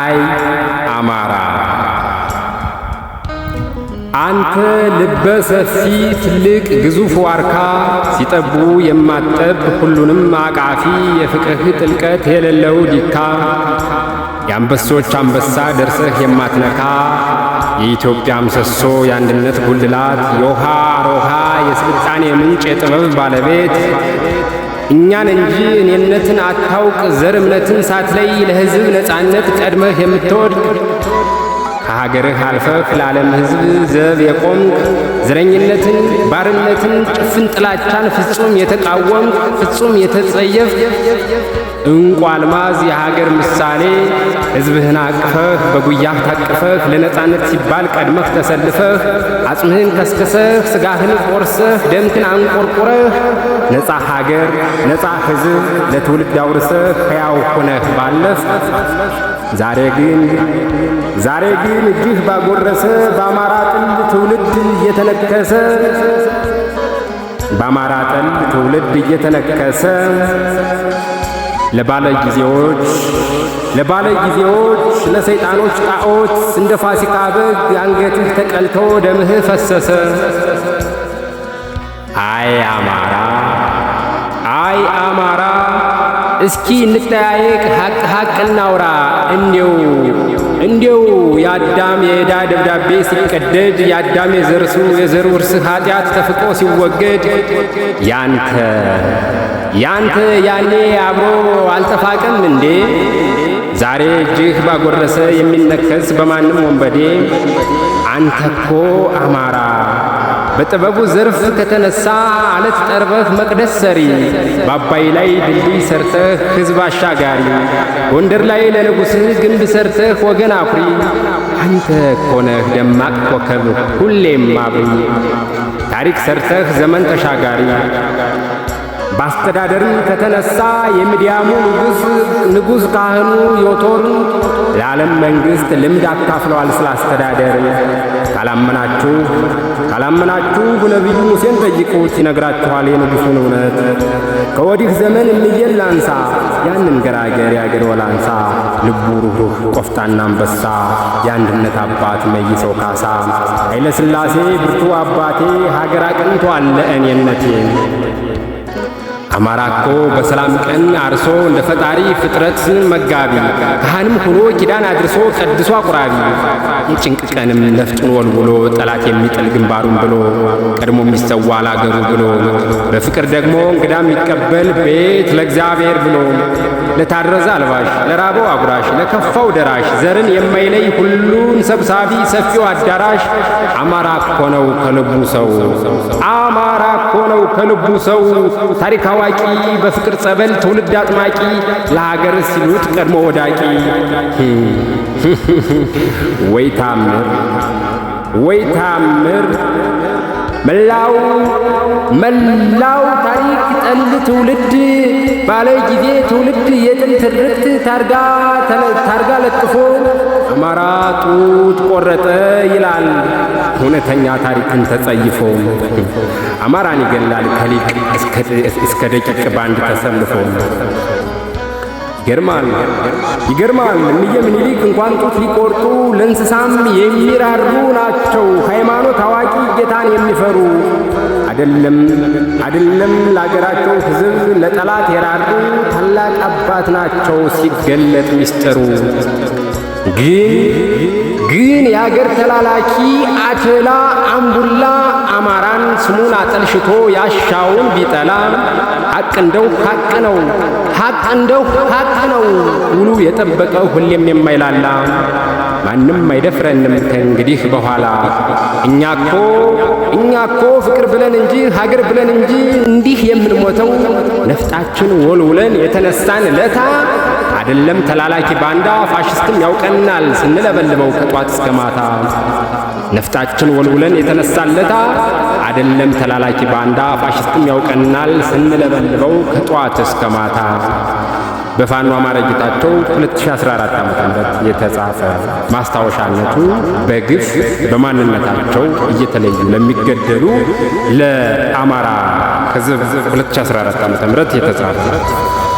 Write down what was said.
አይ አማራ አንተ ልበ ሰፊ ትልቅ ግዙፍ ዋርካ ሲጠቡ የማጠብ ሁሉንም አቃፊ የፍቅርህ ጥልቀት የሌለው ዲካ የአንበሶች አንበሳ ደርሰህ የማትነካ የኢትዮጵያ ምሰሶ የአንድነት ጉልላት የውሃ ሮሃ የስልጣኔ ምንጭ የጥበብ ባለቤት እኛን እንጂ እኔነትን አታውቅ ዘር እምነትን ሳትለይ ለሕዝብ ነፃነት ቀድመህ የምትወድቅ ከሀገርህ አልፈህ ለዓለም ሕዝብ ዘብ የቆምክ ዘረኝነትን፣ ባርነትን፣ ጭፍን ጥላቻን ፍጹም የተቃወምክ ፍጹም የተጸየፍ እንቁ አልማዝ የሀገር ምሳሌ ሕዝብህን አቅፈህ በጉያህ ታቅፈህ ለነፃነት ሲባል ቀድመህ ተሰልፈህ አጽምህን ከስከሰህ ስጋህን ቆርሰህ ደምትን አንቆርቁረህ ነፃ ሀገር ነፃ ሕዝብ ለትውልድ አውርሰህ ሕያው ሆነህ ባለፍ ዛሬ ግን ዛሬ ግን እጅህ ባጎረሰ በአማራ ጠል ትውልድ እየተነከሰ በአማራ ጠል ትውልድ እየተነከሰ ለባለ ጊዜዎች ለባለ ጊዜዎች ለሰይጣኖች ጣዖት እንደ ፋሲካ በግ አንገትህ ተቀልቶ ደምህ ፈሰሰ። አይ አማራ አይ አማራ እስኪ እንጠያየቅ ሐቅ ሐቅ እናውራ እንዴው እንዴው የአዳም የዕዳ ደብዳቤ ሲቀደድ የአዳም የዘርሱ የዘር ውርስ ኃጢአት ተፍቆ ሲወገድ ያንተ ያንተ ያኔ አብሮ አልተፋቀም እንዴ? ዛሬ እጅህ ባጎረሰ የሚነከስ በማንም ወንበዴ አንተኮ አማራ በጥበቡ ዘርፍ ከተነሳ አለት ጠርበህ መቅደስ ሰሪ፣ በአባይ ላይ ድልድይ ሰርተህ ሕዝብ አሻጋሪ፣ ጎንደር ላይ ለንጉሥህ ግንብ ሰርተህ ወገን አኩሪ፣ አንተ ኮነህ ደማቅ ኮከብ ሁሌም አብሪ፣ ታሪክ ሰርተህ ዘመን ተሻጋሪ። በአስተዳደርም ከተነሳ የሚዲያሙ ንጉሥ ካህኑ ዮቶር ለዓለም መንግሥት ልምድ አካፍለዋል ስለ አስተዳደር ካላመናችሁ ካላመናችሁ ነቢዩ ሙሴን ጠይቁት ይነግራችኋል የንጉሡን እውነት። ከወዲህ ዘመን እንየን ላንሳ ያንን ገራገር ያገር ወላንሳ ልቡ ሩህሩህ ቆፍጣና አንበሳ የአንድነት አባት መይሰው ካሳ ኃይለ ሥላሴ ብርቱ አባቴ ሀገር አቅንቶ አለ እኔነቴ አማራ እኮ በሰላም ቀን አርሶ እንደ ፈጣሪ ፍጥረት መጋቢ ካህንም ሆኖ ኪዳን አድርሶ ቀድሶ አቁራቢ ጭንቅ ቀንም ነፍጡን ወልውሎ ጠላት የሚጥል ግንባሩን ብሎ ቀድሞ የሚሰዋ ላገሩ ብሎ በፍቅር ደግሞ እንግዳ የሚቀበል ቤት ለእግዚአብሔር ብሎ ለታረዘ አልባሽ፣ ለራበው አጉራሽ፣ ለከፋው ደራሽ፣ ዘርን የማይለይ ሁሉን ሰብሳቢ ሰፊው አዳራሽ አማራ እኮ ነው ከልቡ ሰው፣ አማራ እኮ ነው ከልቡ ሰው። ታሪክ አዋቂ በፍቅር ጸበል ትውልድ አጥማቂ ለሀገር ሲሉት ቀድሞ ወዳቂ ወይ ታምር ወይ ታምር መላው መላው ታሪክ አንድ ትውልድ ባለ ጊዜ ትውልድ የጥንት ርክት ታርጋ ለጥፎ አማራ ጡት ቆረጠ ይላል እውነተኛ ታሪክን ተጸይፎ አማራን ይገላል ከሊቅ እስከ ደቂቅ ባንድ ተሰልፎ ይገርማል ይገርማል። እምዬ ምኒልክ እንኳን ጡት ሊቆርጡ ለእንስሳም የሚራሩ ናቸው። ሃይማኖት አዋቂ ጌታን የሚፈሩ አይደለም አይደለም ለአገራቸው ሕዝብ ለጠላት የራሩ ታላቅ አባት ናቸው ሲገለጥ ሚስጥሩ። ግን ግን የአገር ተላላኪ አትላ አምቡላ አማራን ስሙን አጠልሽቶ ያሻውን ቢጠላ ሐቅ እንደው ሐቅ ነው ሐቅ እንደው ሐቅ ነው ውሉ የጠበቀ ሁሌም የማይላላ ማንም አይደፍረንም ከእንግዲህ በኋላ እኛኮ እኛኮ ፍቅር ብለን እንጂ ሀገር ብለን እንጂ እንዲህ የምንሞተው ነፍጣችን ወልውለን የተነሳን ለታ አይደለም ተላላኪ ባንዳ ፋሽስትም ያውቀናል ስንለበልበው ከጧት እስከ ማታ ነፍጣችን ወልውለን የተነሳን ለታ አይደለም ተላላኪ ባንዳ ፋሽስትም ያውቀናል ስንለበልበው ከጧት እስከ ማታ በፋኖ አማረ ጌታቸው 2014 ዓ.ም የተጻፈ ማስታወሻነቱ በግፍ በማንነታቸው እየተለዩ ለሚገደሉ ለአማራ ሕዝብ 2014 ዓ.ም የተጻፈ